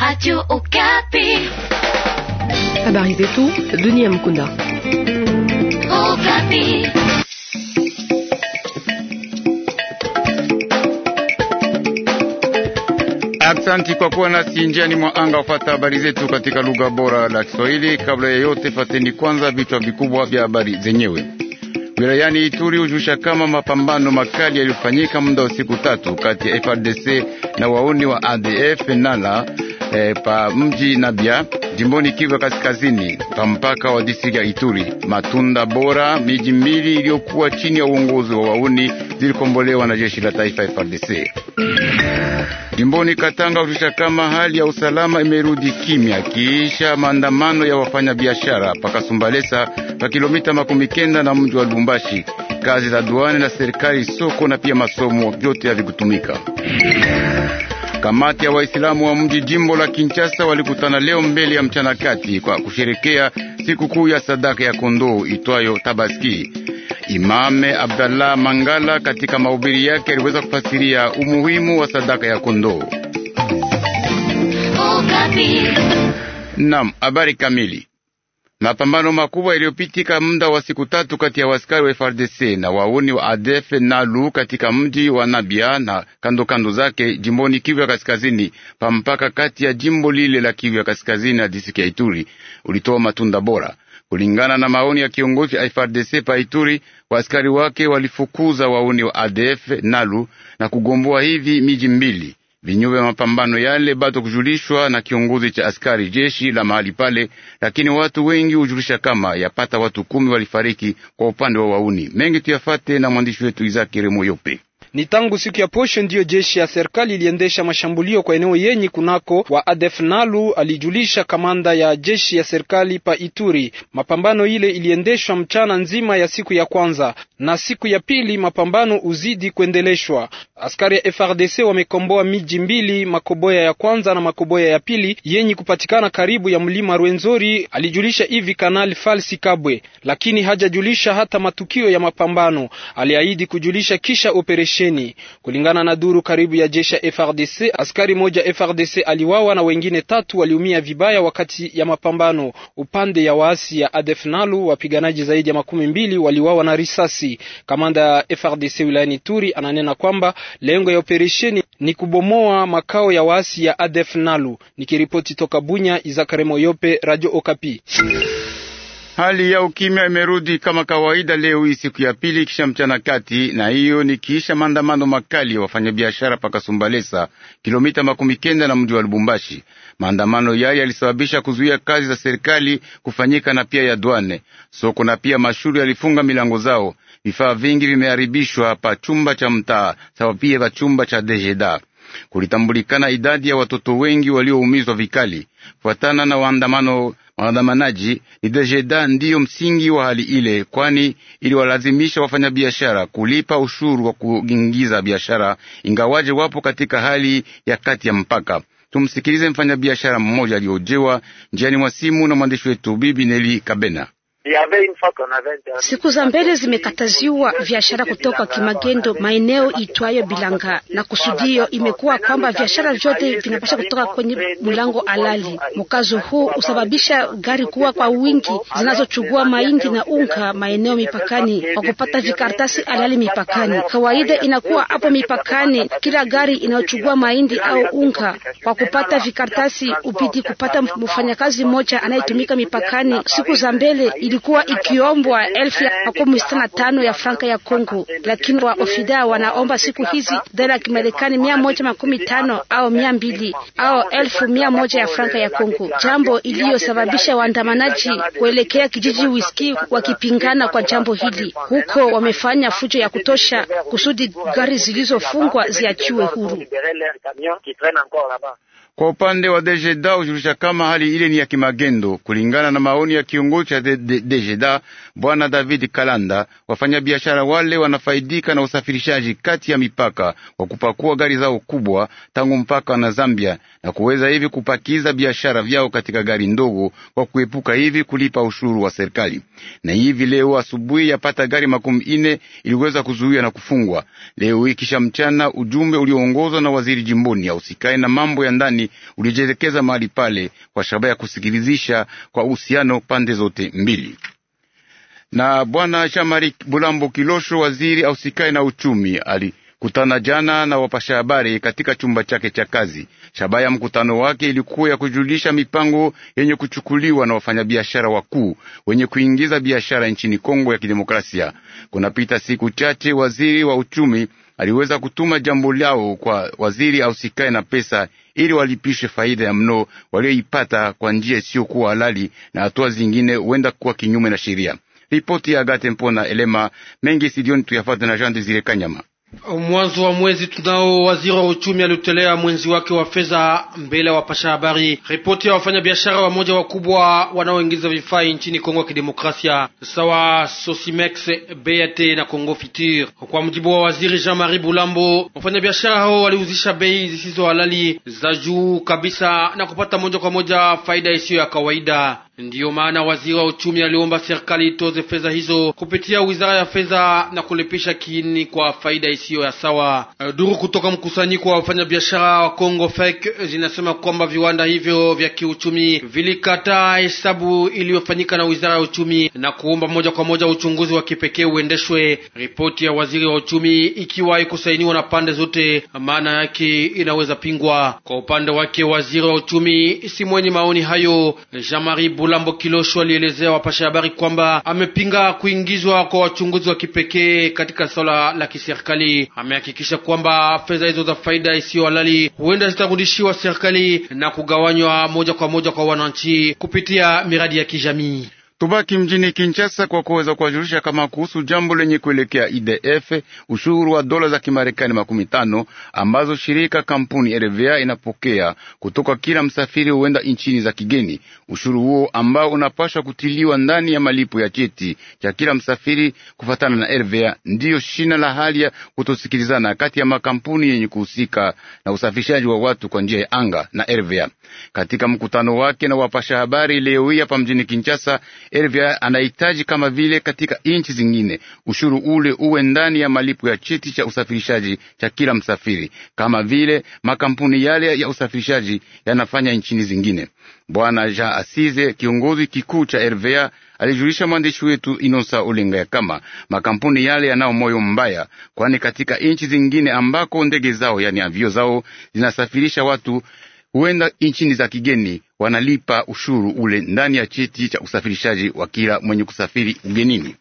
Radio Okapi. Habari zetu Dunia Mkunda. Okapi. Aksanti kwa kuwa nasi njiani mwa anga ufata habari zetu katika lugha bora la Kiswahili. Kabla ya yote, fateni kwanza vichwa vikubwa vya habari zenyewe. Wilayani Ituri hujusha kama mapambano makali yaliyofanyika muda wa siku tatu kati ya FRDC na wauni wa ADF Nala e, pa mji Nabia jimboni Kivu kaskazini pa mpaka wa distrikti ya Ituri. Matunda Bora, miji mbili iliyokuwa chini ya uongozi wa wauni zilikombolewa na jeshi la taifa FARDC. Jimboni Katanga ulisha kama hali ya usalama imerudi kimya kiisha maandamano ya wafanyabiashara pakasumbalesa pa kilomita makumi kenda na mji wa Lubumbashi. Kazi za duani na serikali, soko na pia masomo vyote havikutumika. Kamati ya Waislamu wa mji jimbo la Kinshasa walikutana leo mbele ya mchana kati kwa kusherekea sikukuu ya sadaka ya kondoo itwayo Tabaski. Imame Abdallah Mangala katika mahubiri yake aliweza kufasiria umuhimu wa sadaka ya kondoo. Oh, Naam, habari kamili Mapambano makubwa yaliyopitika muda wa siku tatu kati ya wasikari wa frdc na wauni wa ADF Nalu katika mji wa Nabia na kando kando zake jimboni Kivu ya Kaskazini, pampaka kati ya jimbo lile la Kivu ya Kaskazini na disiki ya Ituri ulitoa matunda bora. Kulingana na maoni ya kiongozi wa frdc pa Ituri, waaskari wake walifukuza wauni wa ADF Nalu na kugomboa hivi miji mbili Vinyume mapambano yale bado kujulishwa na kiongozi cha askari jeshi la mahali pale, lakini watu wengi hujulisha kama yapata watu kumi walifariki kwa upande wa wauni. Mengi tuyafate na mwandishi wetu Izakiri remoyope ni tangu siku ya posho ndiyo jeshi ya serikali iliendesha mashambulio kwa eneo yenye kunako wa ADF Nalu, alijulisha kamanda ya jeshi ya serikali pa Ituri. Mapambano ile iliendeshwa mchana nzima ya siku ya kwanza na siku ya pili, mapambano uzidi kuendeleshwa. Askari ya FRDC wamekomboa miji mbili, Makoboya ya kwanza na Makoboya ya pili yenye kupatikana karibu ya mlima Rwenzori, alijulisha hivi Kanali Falsi Kabwe, lakini hajajulisha hata matukio ya mapambano. Aliahidi kujulisha kisha operesheni operesheni. Kulingana na duru karibu ya jeshi ya FRDC, askari moja FRDC aliwawa na wengine tatu waliumia vibaya wakati ya mapambano. Upande ya waasi ya ADF Nalu, wapiganaji zaidi ya makumi mbili waliwawa na risasi. Kamanda ya FRDC wilayani Turi ananena kwamba lengo ya operesheni ni kubomoa makao ya waasi ya ADF Nalu. Nikiripoti toka Bunya, Izakare Moyope, Radio Okapi. Hali ya ukimya imerudi kama kawaida leo hii siku ya pili kisha mchana kati, na hiyo ni kisha maandamano makali ya wafanyabiashara pakasumbalesa kilomita makumi kenda na mji wa Lubumbashi. Maandamano yayo yalisababisha kuzuia kazi za serikali kufanyika na pia ya dwane soko na pia mashuri yalifunga milango zao. Vifaa vingi vimeharibishwa pa chumba cha mtaa sawa pia pa chumba cha dejeda kulitambulikana idadi ya watoto wengi walioumizwa vikali kufuatana na waandamano Wadhamanaji ni dejeda ndiyo msingi wa hali ile, kwani iliwalazimisha wafanyabiashara kulipa ushuru wa kuingiza biashara, ingawaje wapo katika hali ya kati ya mpaka. Tumsikilize mfanyabiashara mmoja aliyojewa njiani mwa simu na mwandishi wetu Bibi Neli Kabena. Siku za mbele zimekataziwa biashara kutoka Kimagendo, maeneo itwayo Bilanga, na kusudio imekuwa kwamba biashara vyote vinapasha kutoka kwenye mlango halali. Mkazo huu usababisha gari kuwa kwa wingi zinazochugua mahindi na unga maeneo mipakani, kwa kupata vikaratasi halali mipakani. Kawaida inakuwa hapo mipakani, kila gari inayochukua mahindi au unga kwa kupata vikaratasi upiti kupata mfanyakazi mmoja anayetumika mipakani. Siku za mbele ili ilikuwa ikiombwa elfu ya makumi sitini na tano ya franka ya Kongo, lakini wa ofida wanaomba siku hizi dola ya Kimarekani mia moja makumi tano au mia mbili au elfu mia moja ya franka ya Kongo, jambo iliyosababisha waandamanaji kuelekea kijiji Wiski wakipingana kwa jambo hili. Huko wamefanya fujo ya kutosha kusudi gari zilizofungwa ziachiwe huru. Kwa upande wa DGDA ujulisha kama hali ile ni ya kimagendo kulingana na maoni ya kiongozi cha DGDA bwana David Kalanda. Wafanyabiashara wale wanafaidika na usafirishaji kati ya mipaka kwa kupakua gari zao kubwa tangu mpaka na Zambia na kuweza hivi kupakiza biashara vyao katika gari ndogo kwa kuepuka hivi kulipa ushuru wa serikali. Na hivi leo asubuhi yapata gari makumi ine iliweza kuzuia na kufungwa leo ikisha mchana. Ujumbe ulioongozwa na waziri jimboni ya na mambo ya ndani ulijelekeza ulijielekeza mahali pale kwa shabaha ya kusikilizisha kwa uhusiano pande zote mbili. Na bwana shamari Bulambo Kilosho, waziri ausikae na uchumi, alikutana jana na wapasha habari katika chumba chake cha kazi. Shabaha ya mkutano wake ilikuwa ya kujulisha mipango yenye kuchukuliwa na wafanyabiashara wakuu wenye kuingiza biashara nchini Kongo ya Kidemokrasia. Kunapita siku chache, waziri wa uchumi aliweza kutuma jambo lao kwa waziri ausikae na pesa ili walipishwe faida ya mno walioipata kwa njia isiyokuwa halali na hatua zingine huenda kuwa kinyume na sheria. Ripoti ya Agate Mpona Elema mengi sidioni tuyafate na Jean Desire Kanyama. Mwanzo wa mwezi tunao waziri wa uchumi aliotelea mwenzi wake wa fedha mbele ya wapasha habari ripoti ya wafanyabiashara wamoja wakubwa wanaoingiza vifaa nchini Kongo ya Kidemokrasia sawa Sosimex, BAT na Kongo fitur Kwa mjibu wa waziri Jean Marie Bulambo, wafanyabiashara hao waliuzisha bei zisizo halali za juu kabisa na kupata moja kwa moja faida isiyo ya kawaida. Ndiyo maana waziri wa uchumi aliomba serikali itoze fedha hizo kupitia wizara ya fedha na kulipisha kiini kwa faida isiyo ya sawa. Eh, duru kutoka mkusanyiko wa wafanyabiashara wa Kongo FEC zinasema kwamba viwanda hivyo vya kiuchumi vilikataa hesabu iliyofanyika na wizara ya uchumi na kuomba moja kwa moja uchunguzi wa kipekee uendeshwe. Ripoti ya waziri wa uchumi ikiwa haikusainiwa na pande zote, maana yake inaweza pingwa. Kwa upande wake, waziri wa uchumi si mwenye maoni hayo Jean-Marie Bulambo Kilosho alielezea wapasha habari kwamba amepinga kuingizwa kwa wachunguzi wa kipekee katika swala la kiserikali. Amehakikisha kwamba fedha hizo za faida isiyo halali huenda zitarudishiwa serikali na kugawanywa moja kwa moja kwa wananchi kupitia miradi ya kijamii. Tubaki mjini Kinshasa kwa kuweza kuwajulisha kama kuhusu jambo lenye kuelekea IDF ushuru wa dola za Kimarekani makumi tano ambazo shirika kampuni RVA inapokea kutoka kila msafiri huenda nchini za kigeni. Ushuru huo ambao unapashwa kutiliwa ndani ya malipo ya cheti cha kila msafiri kufatana na RVA, ndiyo shina la hali ya kutosikilizana kati ya makampuni yenye kuhusika na usafirishaji wa watu kwa njia ya anga na RVA. Katika mkutano wake na wapasha habari leo hii hapa mjini Kinshasa Elvia anahitaji kama vile katika nchi zingine ushuru ule uwe ndani ya malipo ya cheti cha usafirishaji cha kila msafiri, kama vile makampuni yale ya usafirishaji yanafanya nchini zingine. Bwana Jean Asize, kiongozi kikuu cha rva alijulisha mwandishi wetu Inosa Ulinga ya kama makampuni yale yanao moyo mbaya, kwani katika nchi zingine ambako ndege zao, yani avio zao zinasafirisha watu huenda nchini za kigeni wanalipa ushuru ule ndani ya cheti cha usafirishaji wa kila mwenye kusafiri ugenini.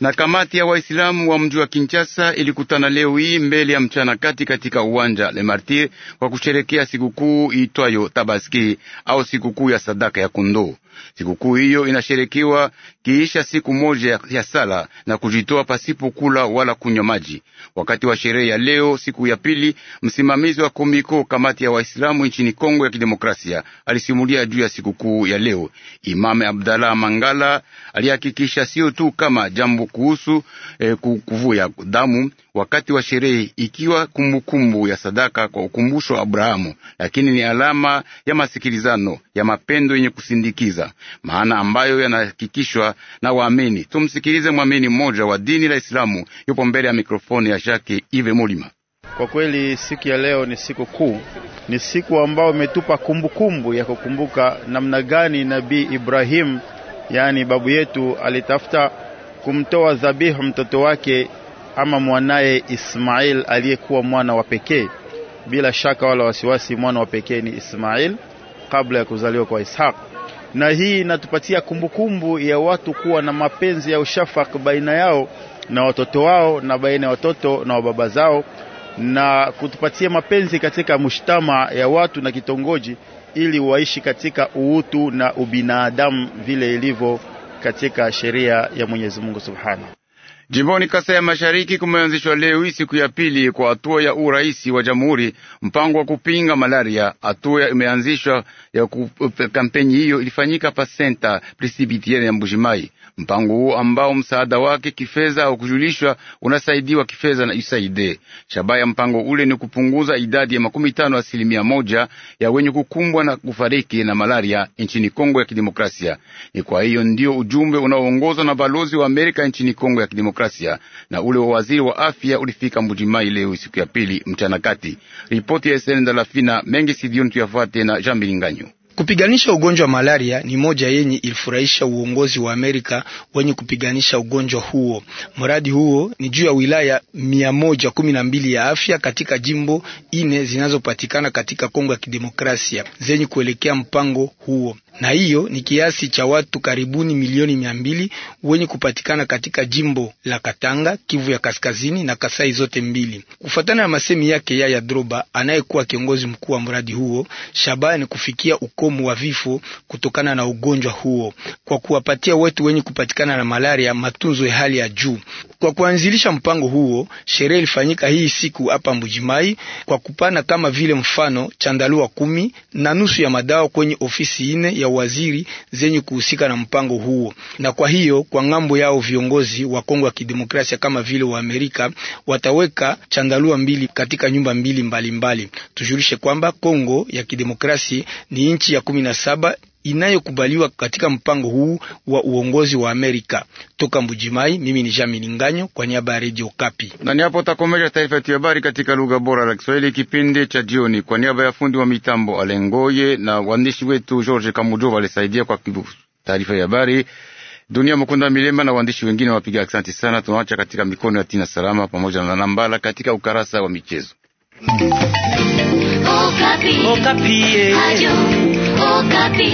Na kamati ya Waislamu wa mji wa Kinshasa ilikutana leo hii mbele ya mchana kati katika uwanja Le Martir kwa kusherekea sikukuu iitwayo Tabaski au sikukuu ya sadaka ya kondoo. Sikukuu hiyo inasherekiwa kiisha siku moja ya sala na kujitoa pasipo kula wala kunywa maji. Wakati wa sherehe ya leo, siku ya pili, msimamizi wa Komiko, kamati ya Waislamu nchini Kongo ya Kidemokrasia, alisimulia juu ya sikukuu ya leo. Imame Abdallah Mangala alihakikisha sio tu kama jambo kuhusu eh, kuvuya damu wakati wa sherehe, ikiwa kumbukumbu kumbu ya sadaka kwa ukumbusho wa Abrahamu, lakini ni alama ya masikilizano ya mapendo yenye kusindikiza kanisa, maana ambayo yanahakikishwa na waamini. Tumsikilize mwamini mmoja wa dini la Islamu, yupo mbele ya mikrofoni ya Jacques Ive Mulima. Kwa kweli siku ya leo ni siku kuu, ni siku ambayo imetupa kumbukumbu ya kukumbuka namna gani Nabii Ibrahim, yaani babu yetu, alitafuta kumtoa dhabihu mtoto wake ama mwanaye Ismail aliyekuwa mwana wa pekee. Bila shaka wala wasiwasi, mwana wa pekee ni Ismail kabla ya kuzaliwa kwa Ishaq na hii inatupatia kumbukumbu ya watu kuwa na mapenzi ya ushafak baina yao na watoto wao na baina ya watoto na wababa zao, na kutupatia mapenzi katika mushtama ya watu na kitongoji, ili waishi katika uutu na ubinadamu vile ilivyo katika sheria ya Mwenyezi Mungu Subhanahu Jimboni Kasai ya Mashariki kumeanzishwa leo hii siku ya pili kwa hatua ya urais wa jamhuri, mpango wa kupinga malaria. Hatua imeanzishwa ya kampeni hiyo ilifanyika pa senta Presibitiere ya Mbujimai. Mpango huo ambao msaada wake kifedha au kujulishwa unasaidiwa kifedha na USAID. Shabaha ya mpango ule ni kupunguza idadi ya makumi tano asilimia moja ya wenye kukumbwa na kufariki na malaria nchini Kongo ya Kidemokrasia. Ni kwa hiyo ndio ujumbe unaoongozwa na balozi wa Amerika nchini Kongo ya Kidemokrasia Kidemokrasia na ule wa waziri wa afya ulifika Mbujimai leo siku ya pili mchana kati. Ripoti ya Eseni Ndalafina mengi sidioni tuyafuate na Jean Bilinganyo. Kupiganisha ugonjwa wa malaria ni moja yenye ilifurahisha uongozi wa Amerika wenye kupiganisha ugonjwa huo. Mradi huo ni juu ya wilaya mia moja kumi na mbili ya afya katika jimbo ine zinazopatikana katika Kongo ya Kidemokrasia zenye kuelekea mpango huo na hiyo ni kiasi cha watu karibuni milioni mia mbili wenye kupatikana katika jimbo la Katanga, Kivu ya kaskazini na Kasai zote mbili, kufuatana na masemi yake Yaya Droba anayekuwa kiongozi mkuu wa mradi huo. Shabaha ni kufikia ukomo wa vifo kutokana na ugonjwa huo kwa kuwapatia watu wenye kupatikana na malaria matunzo ya hali ya juu. Kwa kuanzilisha mpango huo, sherehe ilifanyika hii siku hapa Mbujimai kwa kupana kama vile mfano chandalua kumi na nusu ya madawa kwenye ofisi ine ya waziri zenye kuhusika na mpango huo, na kwa hiyo kwa ngambo yao viongozi wa Kongo ya Kidemokrasia kama vile wa Amerika wataweka chandalua mbili katika nyumba mbili mbalimbali Tujulishe kwamba Kongo ya Kidemokrasia ni nchi ya kumi na saba inayokubaliwa katika mpango huu wa uongozi wa Amerika. Toka Mbujimai, mimi ni Jean Milinganyo kwa niaba ya Radio Kapi, na niapo takomesha taarifa yetu ya habari katika lugha bora la Kiswahili kipindi cha jioni, kwa niaba ya fundi wa mitambo Alengoye na waandishi wetu George Kamujova alisaidia kwa taarifa ya habari Dunia Mukunda Milemba na waandishi wengine wapiga. Asante sana, tunawacha katika mikono ya Tina Salama pamoja na Nambala katika ukarasa wa michezo. Okapi. Okapi. Eh. toca a ti.